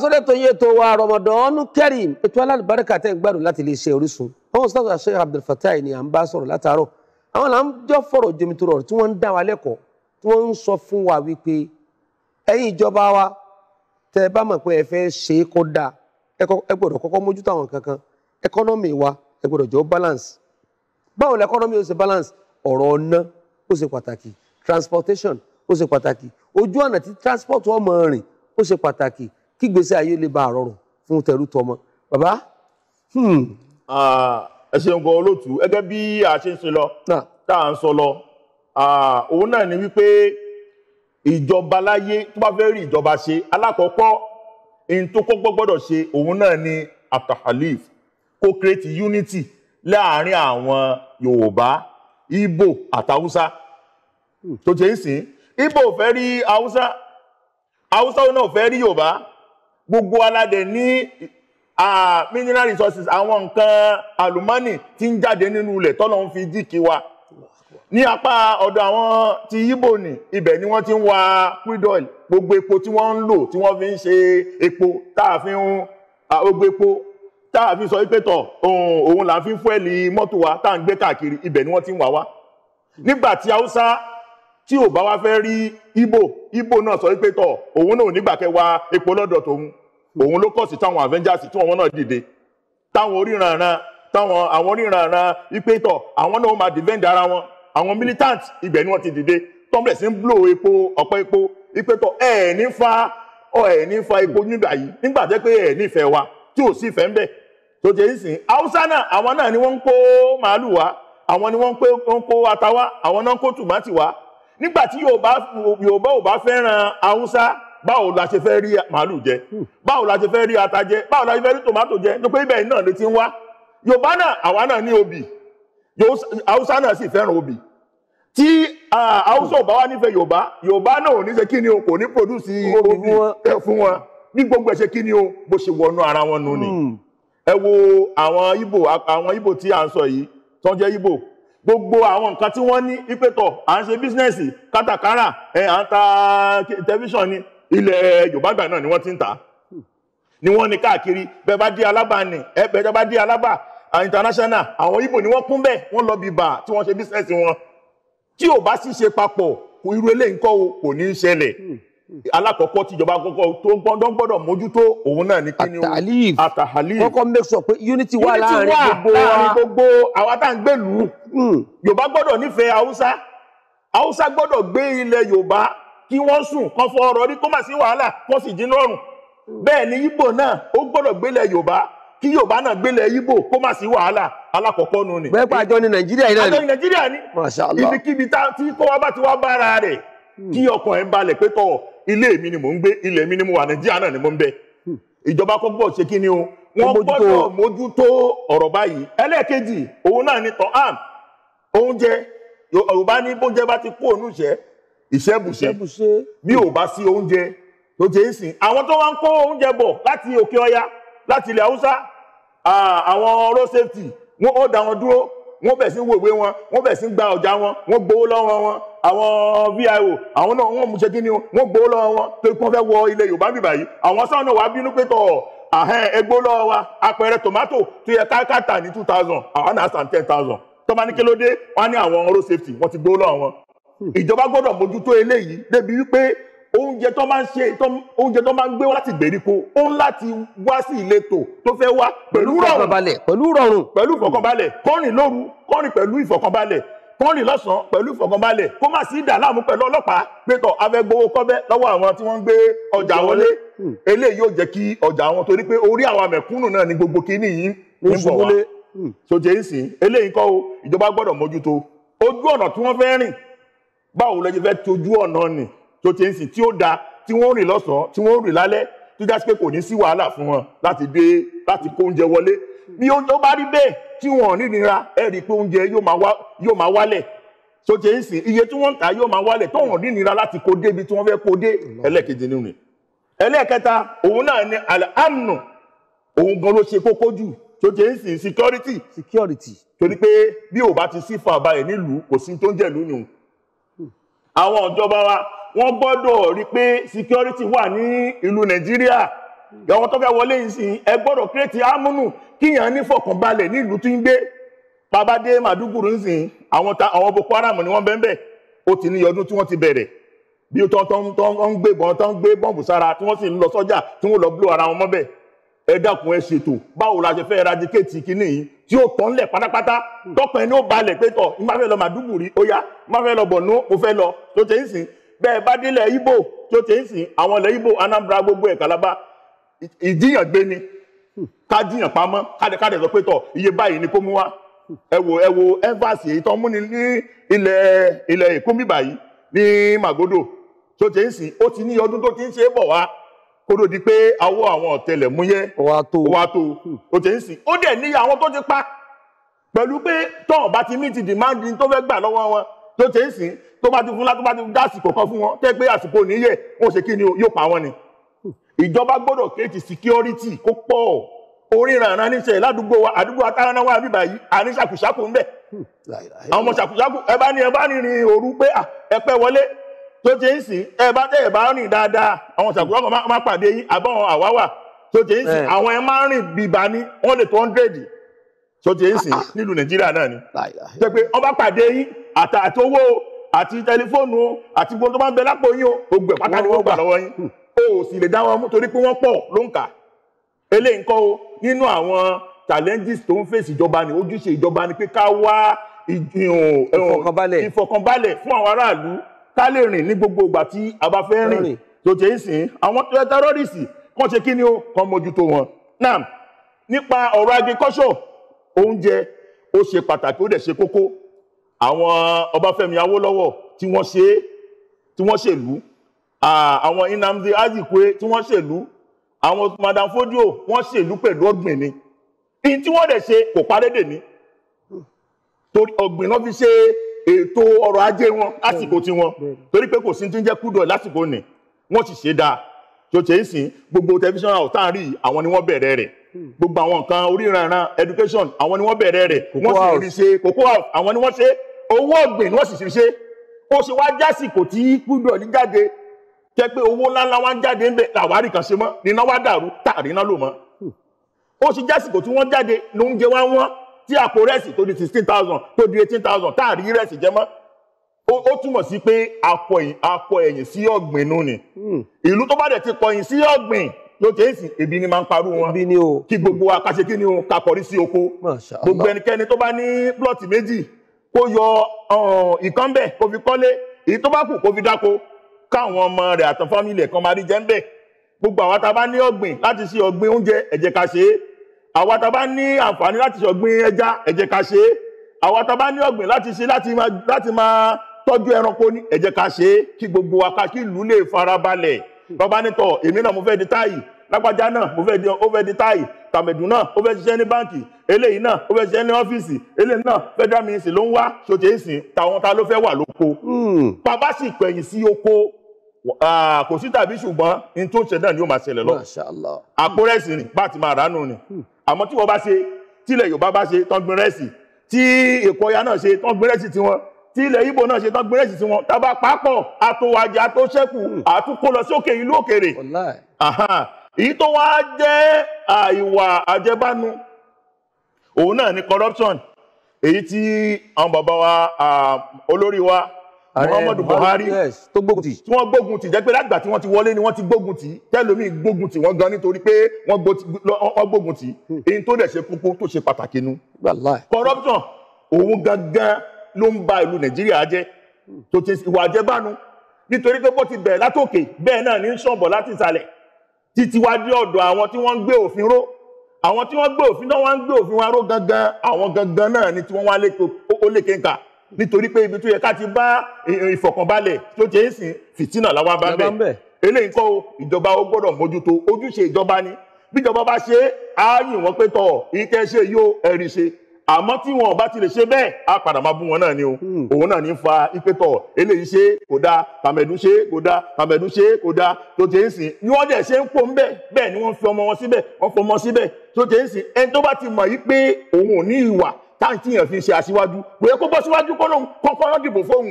sórí ètò yín ètò wa Ramadan Kareem ètò alálùbáríkà tẹ́ ń gbádùn láti lè ṣe Orísun àwọn sọ́dọ̀ àṣẹ Abdul Fatai ni à ń bá sọ̀rọ̀ látàárọ̀ àwọn là ń jọ fọ̀rọ̀ jomitoro tí wọ́n ń dá wa lẹ́kọ̀ọ́ tí wọ́n ń sọ fún wa wípé ẹ̀yin ìjọba wa tẹ́ ẹ bá mọ̀ pé ẹ fẹ́ ṣe é kó dáa ẹ gbọ́dọ̀ kọ́kọ́ mójútó àwọn kankan ẹkọ́nọ́mì wa ẹ gbọ́dọ̀ jọ balance báwo lẹ ẹkọ́nọ́mì ó ṣe balance ọ̀rọ̀ ọ̀nà ó ṣe pàtàkì transportation ó ṣe pàtàkì ojú ọ̀nà tí transport ọmọ rìn ó ṣe pàtàkì kí gbèsè ayé lè bá àrọrùn fún tẹrú tọmọ bàbá. Hmm. Ah, ẹ ṣeun gan olóòtú gẹ́gẹ́ bí a ṣe ń ṣe lọ tá à ń sọ lọ ah, òun náà ni wípé ìjọba láyé tó bá fẹ́ rí ìjọba ṣe alákọ̀ọ́kọ́ èyí tó kọ́kọ́ gbọ́dọ̀ ṣe òun náà ni atahalif kó create unity láàárín àwọn Yorùbá Ìgbò àtàwùsá hmm. tó ṣe ń sìn Ìgbò ò fẹ́ rí Haúsá Haúsá náà ò fẹ́ rí Yorùbá gbogbo aládẹ̀ ní mineral resources àwọn nǹkan àlùmọ́nì tí ń jáde nínú ilẹ̀ tọ́lọ̀ ń fi jíkì wa ní apá ọ̀dọ̀ àwọn ti Yíbò ní ibẹ̀ ni wọ́n ti ń wa crude oil gbogbo epo tí wọ́n ń lò tí wọ́n fi ń ṣe epo tá a fi ń gbogbo epo tá a fi sọ pé tọ̀ òun là ń fi fúẹ́lì mọ́tò wa tá à ń gbé káàkiri ibẹ̀ ni wọ́n ti ń wà wá nígbà tí Haúsá tí ò bá wá fẹ́ rí ibo ibo náà sọ wípé òun náà ò nígbà kẹwàá epo lọ́dọ̀ tòun òun ló kọ̀ sí táwọn Avengers tí wọn náà dìde táwọn ara táwọn àwọn oríranran wípé àwọn náà máa defend ara wọn àwọn militant ibẹ̀ ni wọ́n ti dìde sí ń epo ọ̀pọ̀ epo wípé ẹ̀ ní fa yìí nígbà jẹ́ pé wa tí ò sí nígbà tí Yorùbá ò bá fẹ́ràn Haúsá báwo la ṣe fẹ́ rí màálù jẹ hmm. báwo la ṣe fẹ́ rí ata jẹ báwo la ṣe fẹ́ rí tòmátò jẹ ní pé ibẹ̀ náà lè ti ń wá Yorùbá náà àwa náà ní obì Haúsá náà sì fẹ́ràn obì tí Haúsá ò bá wá nífẹ̀ẹ́ Yorùbá Yorùbá náà ò ní ṣe kí ni o kò ní pòdúsì obì fún wọn ní gbogbo ẹ̀ ṣe kí ni o bó ṣe wọnú ara wọn nù ni hmm. ẹ wo àwọn Ìgbò àwọn Ìgbò tí à ń sọ yìí tó jẹ́ gbogbo àwọn nǹkan tí wọ́n ní ìpètọ̀ à ń ṣe bísínẹ́sì kátàkárà ẹ̀ à ń ta tẹlifíṣàn ní ilẹ̀ yorùbá gbà náà ni wọ́n ti ń tà ni wọ́n ní káàkiri bẹ́ẹ̀ bá dé alábà ni ẹ bẹ́ẹ̀ bá dé alábà international àwọn ibo ni wọ́n kún bẹ́ẹ̀ wọ́n lọ bíbà tí wọ́n ṣe bísínẹ́sì wọn tí ò bá sì ṣe papọ̀ irú eléyìí kọ́ kò ní í ṣẹlẹ̀ alákọ̀ọ́kọ́ tíjọba kọ́kọ́ tó gbọ́dọ̀ gbọ́dọ̀ mójútó òun náà ní kíni kọ́kọ́ make sure pé unity wà láàrin gbogbo láàrin gbogbo àwa tá à ń gbèlú hmm. yorùbá gbọ́dọ̀ nífẹ̀ẹ́ haúsá haúsá gbọ́dọ̀ gbé ilẹ̀ yorùbá kí wọ́n sùn fọ ọ̀rọ̀ rí kó má sí wàhálà kó sì dín lọ́rùn hmm. bẹ́ẹ̀ ni náà ó gbọ́dọ̀ gbélẹ̀ yorùbá kí yorùbá náà gbélẹ̀ kó má sí wàhálà alákọ̀ọ́kọ́ nu ni. bẹ́ẹ̀ ni nàìjíríà yìí náà ni ilé mi ni mò ń gbé ilẹ̀ mi ni mo wà nàìjíríà náà ni mo ń bẹ hmm. ìjọba kò gbọ́dọ̀ ṣe kí ni o wọ́n gbọ́dọ̀ mójútó ọ̀rọ̀ báyìí ẹlẹ́ẹ̀kejì òun náà ni tọ́ am oúnjẹ yorùbá ní bóúnjẹ bá ti kó òun ìṣẹ́ ìṣẹ́bùṣe bí ò bá sí oúnjẹ tó ṣe é sìn àwọn tó wá ń kó oúnjẹ bọ̀ láti òkè ọya láti ilẹ̀ haúsá àwọn road safety wọ́n ó dá wọn dúró wọ́n bẹ̀ sí wòwe wọn wọ́n bẹ̀ sí gba ọjà wọn wọ́n gbowó lọ́wọ́ wọn àwọn vio àwọn náà wọ́n mú ṣe kí ni wọ́n gbowó lọ́wọ́ wọn torí pé wọ́n fẹ́ wọ ilẹ̀ yorùbá bíbá yìí àwọn sáwọn náà wàá bínú pé tọ̀ àhẹn ẹgbó lọ́wọ́ wa apẹ̀rẹ̀ tomato tó yẹ káàkà tà ní two thousand àwọn náà san ten thousand tó bá ní kí ló dé wọ́n ní àwọn road safety wọ́n ti gbowó lọ́wọ́ wọn. Hmm. ìjọba gbọ́dọ̀ mójútó eléyìí débi wípé oúnjẹ tó máa ń ṣe oúnjẹ tó máa ń gbé wá láti gbèríko ó ń láti wá sí ìletò tó fẹ́ wá pẹ̀lú rọrùn pẹ̀lú rọrùn pẹ̀lú ìfọ̀kànbalẹ̀ kọ́rin lóru kọ́rin pẹ̀lú ìfọ̀kànbalẹ̀ kán rìn lọ́sàn-án pẹ̀lú ìfọ̀kànbalẹ̀ kó má sí ìdàláàmú pẹ̀lú ọlọ́pàá pétọ̀ afẹ́gbowó kọ́bẹ́ lọ́wọ́ àwọn tí wọ́n ń gbé ọjà wọlé hmm. eléyìí yóò jẹ́ kí ọjà wọn torí pé orí àwọn àmẹ̀kúnnù náà ni gbogbo kínní yìí ń bọ̀ wá sòjè ń sìn eléyìí kọ́ o ìjọba gbọ́dọ̀ mójútó ojú ọ̀nà tí wọ́n fẹ́ rìn báwo lẹ́yìn fẹ́ tojú ọ̀nà nì tó ti ń sìn tí ó da tí wọ́n rìn lọ́sàn-án tí wọ́n rìn lálẹ́ tó jásí pé kò ní sí wàhálà fún wọn láti dé láti kó oúnjẹ wọlé bí ó bá rí bẹ́ẹ̀ tí wọn ò ní nira ẹ rí i pé oúnjẹ yóò máa wálẹ̀ tó ti ń sìn iye tí wọ́n ń tà yóò máa wálẹ̀ tó wọn ò ní nira láti kó dé ibi tí wọ́n fẹ́ kó dé ẹlẹ́ẹ̀kejì nínú rẹ̀ ẹlẹ́ẹ̀kẹta òun náà ni alhamdu òun gan ló ṣe kókó jù tó ti ń sìn security security torí pé bí ò bá ti sí fa àbáyé nílùú kò sí tó ń jẹ̀lú nù àwọn ìjọba wa wọ́n gbọ́dọ̀ rí pé security wà ní ìlú Nàìjíríà àwọn tó fẹ́ wọlé ìsìn ẹ gbọ́dọ̀ kírètì ámúnù kíyàn ní fọkànbalẹ̀ nílùú tí ń gbé babadé màdúgùrú ìsìn àwọn boko haram ni wọ́n bẹ́ẹ̀ bẹ́ẹ̀ ó ti ní ọdún tí wọ́n ti bẹ̀rẹ̀ bí tó ń gbé bọ́n tó ń gbé bọ́ǹbù sára tí wọ́n sì ń lọ sọ́jà tí wọ́n lọ blow ara wọn mọ́bẹ̀ ẹ dákun ẹ ṣètò báwo la ṣe fẹ́ eradicate kínní yìí tí ó tán lẹ̀ pátápátá tọkàn ẹni ó balẹ̀ pé tọ̀ n bá fẹ́ lọ màdúgùrí ó yá n bá fẹ́ lọ bọ̀nú mo fẹ́ lọ tó ṣe ń sìn bẹ́ẹ̀ bá délẹ̀ ibo tó ṣe ń sìn àwọn ilẹ̀ ibo Anambra gbogbo ẹ̀ kalaba ìjiyàn gbé ni ká jiyàn pamọ́ kádẹkádẹ sọ pé tọ iye báyìí ni kó mú wá ẹ wo ẹ wo ẹnfàsì èyí tó ń múni ní ilẹ̀ ilẹ̀ Èkó mi báyìí ní Màgódò tó ti ń sìn ó ti ní ọdún tó ti ń ṣe é bọ̀ wá kó ló di pé awọ àwọn ọ̀tẹlẹ̀múyẹ́ wàá tó wàá tó ó ti ń sìn ó dẹ̀ ní àwọn tó ti pa pẹ̀lú pé tọ́ọ̀ bá ti mí ti dìmáàdì tó fẹ́ gbà lọ́wọ́ wọn tó ṣe é sìn tó bá ti fún látó bá ti dá àsìkò kan fún wọn tẹ́ pé àsìkò níyẹ̀ wọn ò ṣe kí ni yóò pa wọn ni ìjọba gbọ́dọ̀ kéètì security kó pọ̀ oríran àná níṣẹ́ ládùúgbò wa àdúgbò atáraná wa bíbá yìí àní ṣàkùṣàkù ń bẹ̀ hmm, àwọn ọmọ ṣàkùṣàkù ẹ bá ní ẹ bá ní rìn òru pé ẹ pẹ́ wọlé tó ti ń sìn ẹ bá tẹ̀ ẹ bá rìn dáadáa àwọn ṣàkùṣàkù máa pàdé yín àbáwọn àwáwà tó ti ń sìn eh. àwọn ẹ máa ń rìn bìbà ní wọ́n lè hundred tó ti ń sìn ah, ah. nílùú nàìjíríà náà ni pé pé wọ́n bá pàdé yín àtàtówó àti tẹlifóònù àti gbogbo tó bá ń bẹ lápò yín o gbogbo pátá ni wọ́n gbà lọ́wọ́ yín hmm o ò sì lè dá wọn mú torí pé wọ́n pọ̀ ló ń kà eléyìí ńkọ́ o nínú àwọn challenges tó ń fèsì ìjọba ni ojúṣe ìjọba ni pé ká wá ìfọ̀kànbalẹ̀ fún àwọn aráàlú ká lè rìn ní gbogbo ìgbà tí a bá fẹ́ rìn tó ṣe é sìn àwọn tẹ́rọ́rìsì kàn ṣe kí ni ó kàn mójútó wọn náà nípa ọ̀rọ̀ agriculture oúnjẹ ó ṣe pàtàkì ó dẹ̀ ṣe kókó àwọn Ọbáfẹ́mi Awólọ́wọ̀ tí wọ́n ṣe tí wọ́n ṣèlú àwọn Nnamdi Azikiwe tí wọ́n ṣèlú àwọn Madam Fodio wọ́n ṣèlú pẹ̀lú ọ̀gbìn ni in tí wọ́n dẹ̀ ṣe kò parédè ní torí ọ̀gbìn náà fi ṣe ètò ọrọ̀ ajé wọn lásìkò tiwọn torí pé kò sí tí ń jẹ́ kúdọ̀ lásìkò nì wọ́n sì ṣe dáa tó ṣe é sìn gbogbo tẹlifíṣàn ọ̀tá rí àwọn ni wọ́n bẹ̀rẹ̀ rẹ̀ hmm. gbogbo àwọn nǹkan oríranran education àwọn ni wọ́n bẹ̀rẹ̀ rẹ̀ wọ́n sì rí ṣe kókó àwọn ni wọ́n ṣe owó ọ̀gbìn ni wọ́n sì ṣe ó ṣe wá jásìkò tí kúdọ̀ ní jáde jẹ́ pé owó ńláńlá wá ń jáde ń bẹ làwárí kan ṣe mọ́ níná wá dàrú tààrí náà lò mọ́ ó sì jásìkò tí wọ́n jáde lóúnjẹ wá wọ́n tí àpò rẹ́sì tó di sixteen thousand tó di eighteen thousand tààrí rẹ́sì jẹ mọ́ ó túmọ̀ sí pé akọ ẹ̀yìn sí ọ̀gbìn nù ni hmm. ìlú tó bá dẹ̀ ti kọ̀yìn sí ọ̀gbìn ló jẹ́ ìsìn ebi ni máa ń parú wọn ni o kí gbogbo wa ká ṣe kí ni o ká kọrí sí oko gbogbo ẹnikẹ́ni tó bá ní plọ̀tì méjì kó yọ ìkànnbẹ̀ kó fi kọ́lé èyí tó bá kù kó fi dáko káwọn ọmọ rẹ̀ àtàn fámìlì ẹ̀kan máa rí jẹ́ ń bẹ̀ gbogbo àwa tá a bá ní ọ̀gbìn láti ṣe ọ̀gbìn oúnjẹ ẹ jẹ́ ká ṣe é àwa tá a bá ní àǹfààní láti ṣe ọ̀gbìn ẹja ẹ jẹ́ ká ṣe é àwa tá a bá ní ọ̀gbìn láti ṣe láti máa tọ́jú ẹranko ní ẹ jẹ́ ká ṣe é kí gbogbo wa ká kí ìlú lè farabalẹ̀ bàbá nítọ̀ èmi náà mo fẹ́ di táyì lágbájá náà mo fẹ́ di ó fẹ́ di táyì tàmẹ̀dù náà ó fẹ́ ṣiṣẹ́ ní báǹkì eléyìí náà ó fẹ́ ṣiṣẹ́ ní ọ́fíìsì eléyìí náà federal ministry ló ń wá ṣòṣe ìsìn tàwọn ta ló fẹ́ wà lóko. Hmm. bàbá sì pẹ̀yìn sí oko Ah, kò sí tàbí ṣùgbọ́n in tó ń ṣe náà ni ó máa ṣẹlẹ̀ lọ àpò ni bá ti máa ránù ni hmm. àmọ́ tí wọ́n bá ṣe tílẹ̀ Yorùbá bá ṣe tán gbin rẹ́sì tí Èkó Ọya náà ṣe tán gbin rẹ́sì tiwọn tí ilẹ̀ Ìgbò náà ṣe tán gbin rẹ́sì tiwọn tábà papọ̀ àtòwájà tó ṣẹ́kù hmm. lọ sókè ìlú òkèrè èyí tó wá jẹ́ àìwà àjẹbánu òun náà ni corruption èyí tí àwọn bàbá wa olórí wa muhammadu buhari tó gbógun tì tí wọ́n gbógun tì jẹ́ pé lágbà tí wọ́n ti wọlé ni wọ́n ti gbógun tì tẹ́lómi gbógun tì wọ́n gan nítorí pé wọ́n gbógun tì hmm. èyí tó dẹ̀ ṣe kókó tó ṣe pàtàkì nu corruption òun gangan ló ń ba ìlú nàìjíríà jẹ́ hmm. tó ti ìwà àjẹbánu nítorí pé bó ti bẹ̀rẹ̀ látòkè bẹ́ẹ̀ náà ní ṣọ̀bọ̀ láti ìsàlẹ̀ títí wá dé ọ̀dọ̀ àwọn tí wọ́n ń gbé òfin ró àwọn tí wọ́n gbé òfin náà wọ́n ń gbé òfin wa ró gangan àwọn gangan náà ni tí wọ́n wá lékè ó lékè ń kà nítorí pé ibi tó yẹ ká ti bá ìfọ̀kànbalẹ̀ tó ti ń sìn fìtínà làwọn bá bẹ̀ eléyìí kọ́ ìjọba ó gbọ́dọ̀ mójútó ojúṣe ìjọba ni bíjọba bá ṣe é á yìn wọ́n pé tọ̀ ìtẹ́ ṣe yóò ẹ̀rí ṣe àmọ́ tí wọn ò bá ti lè ṣe bẹ́ẹ̀ á padà máa bú wọn náà ni o hmm. òun náà ní fa ipe tọ̀ eléyìí ṣe kò dáa tàmẹ̀dú ṣe kò dáa tàmẹ̀dú ṣe kò dáa tó ti ń sìn ni wọ́n dẹ̀ ṣe ń pò ń bẹ̀ bẹ́ẹ̀ ni wọ́n fi ọmọ wọn síbẹ̀ wọ́n fọmọ síbẹ̀ tó ti ń sìn ẹni tó bá ti mọ̀ yí pé òun ò ní ìwà táǹtì yẹn fi ń ṣe aṣíwájú kò yẹ kó bọ́ síwájú kó lóun kọ́kọ́rọ́ dìbò fóun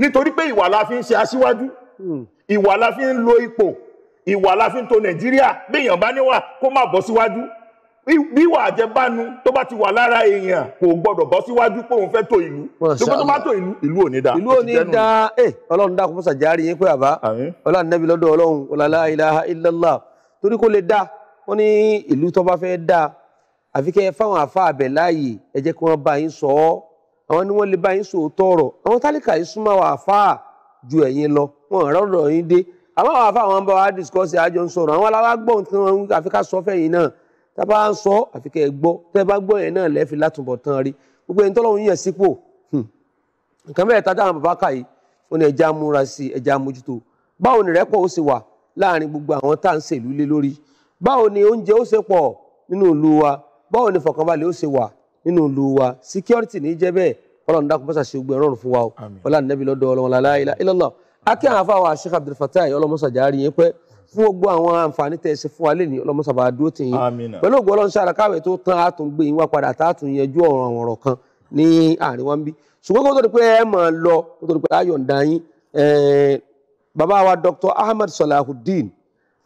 nítorí pé ìwà la fi ń ṣe aṣíwájú hmm. ìwà la fi ń lo ipò ìwà la fi ń tò nàìjíríà béèyàn bá níwà kó má bọ́ síwájú wíwà àjẹbánu tó bá ti wà lára èèyàn kò gbọdọ̀ bọ́ síwájú pé òun fẹ́ tò ìlú ṣùgbọ́n tó bá tò ìlú ìlú ò ní da. ìlú ò ní da ẹ eh, ọlọ́run dákun fún sàjárì yín pé àbá ọlọ́run nẹ́bi lọ́dọ̀ ọlọ́run ọ̀làlá ilaha illallah torí kó lè da wọ́n ní ìlú tó bá fẹ́ da àfi kẹ́ ẹ fáwọn àfa àbẹ̀ láàyè ẹ jẹ́ kí wọ́n bá yín sọ ọ́ àwọn ni wọ́n lè bá yín sọ ọ̀rọ̀ àwọn tálíkà yìí súnmọ́ àwọn àfa ju ẹ̀yin lọ wọn rọ́rọ̀ yín dé àwọn àwọn àfa àwọn bá wa discuss àjọ ń sọ̀rọ̀ àwọn aláwa gbọ́ nǹkan wọn àfi ká sọ fẹ́yìn náà tá a bá ń sọ àfi kẹ́ ẹ gbọ́ tẹ́ ẹ bá gbọ́ yẹn náà lẹ́ẹ̀fi látùbọ̀ tán rí gbogbo ẹni tọ́lọ́run yàn sípò hmm. nǹkan bẹ́ẹ̀ tata àwọn bàbá kà yìí wọn ni ẹja múra sí ẹja nínú ìlú wa báwo ni fọkànbalẹ̀ ó ṣe wà nínú ìlú wa security ní jẹ́ bẹ́ẹ̀ ọlọ́run dákun mọ́sà ṣe gbẹ̀rún ọ̀run fún wa o ọlá nẹ́bí lọ́dọ̀ ọlọ́run la ilaha illallah akẹ́ àwọn afáwọn Sheikh Abdul Fatai ọlọ́mọ́sà járí yẹn pẹ́ fún gbogbo àwọn àǹfààní tẹ̀ ṣe fún wa lẹ́ni ọlọ́mọ́sà bá dúró tì yín pẹ̀lú ògbó ọlọ́run ṣára káwé tó tán á tún gbé yín wá padà tá a tún yẹjú ọ̀ràn ọ̀rọ̀ kan ní àárín wọn bí ṣùgbọ́n kó tó di pé ẹ máa lọ kó tó di pé ayọ̀ ń da yín eh, bàbá wa Dr. Ahmed Salahuddin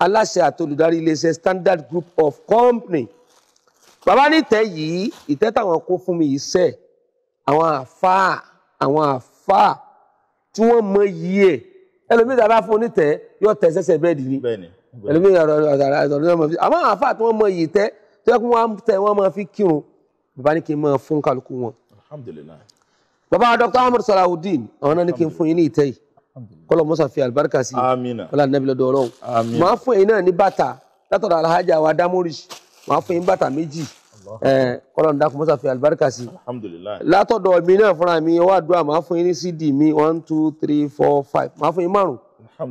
aláṣẹ àtolùdarí iléeṣẹ́ Standard Group of Company bàbá ní ìtẹ́ yìí ìtẹ́ táwọn kó fún mi yìí sẹ́ àwọn àfáà àwọn àfáà tí wọ́n mọ yìí ẹ̀ ẹlòmíì tá a bá fún onítẹ̀ yóò tẹ̀ sẹ́sẹ̀ bẹ́ẹ̀dì ni ẹlòmíì ọ̀rọ̀ ọ̀rọ̀ ọ̀rọ̀ àmọ́ àfáà tí wọ́n mọ yìí tẹ́ tó yẹ tẹ wọ́n máa fi kírun bàbá ní kí n máa fún kálukú wọn. bàbá Dr. Ahmed Salahuddin àwọn náà ní kí n fún yín ní ìtẹ́ yìí kọlọ musa fi alibarika si wala nabi lọ́dọ̀ Ọlọ́run màá fún yín náà ní bàtà látọ̀dọ̀ alhaja wa damorish màá fún yín bàtà méjì Eh, kọ́lọ̀ ń dákun mọ́sá fi àlùbáríkà sí. látọ̀dọ̀ mi náà fúnra mi ọwọ́ àdúrà máa fún yín ní cd mi one two three four five máa fún yín márùn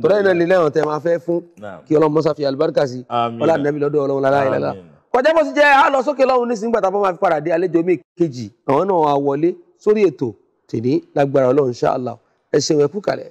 tọ́lá iná lè lẹ́wọ̀n tẹ́ máa fẹ́ fún kí ọlọ́run mọ́sá fi àlùbáríkà sí ọlá nàbí lọ́dọ̀ ọlọ́run lálá ìlàlá. kọjá bó ti jẹ́ a lọ sókè lọ́run nísìnyí gbàtà fún máa fi padà dé àlejò mi kejì àwọn náà wà wọlé sórí ètò tèmi lágbára ọlọ́run ṣáàlà ẹ ṣeun ẹ kú kalẹ̀.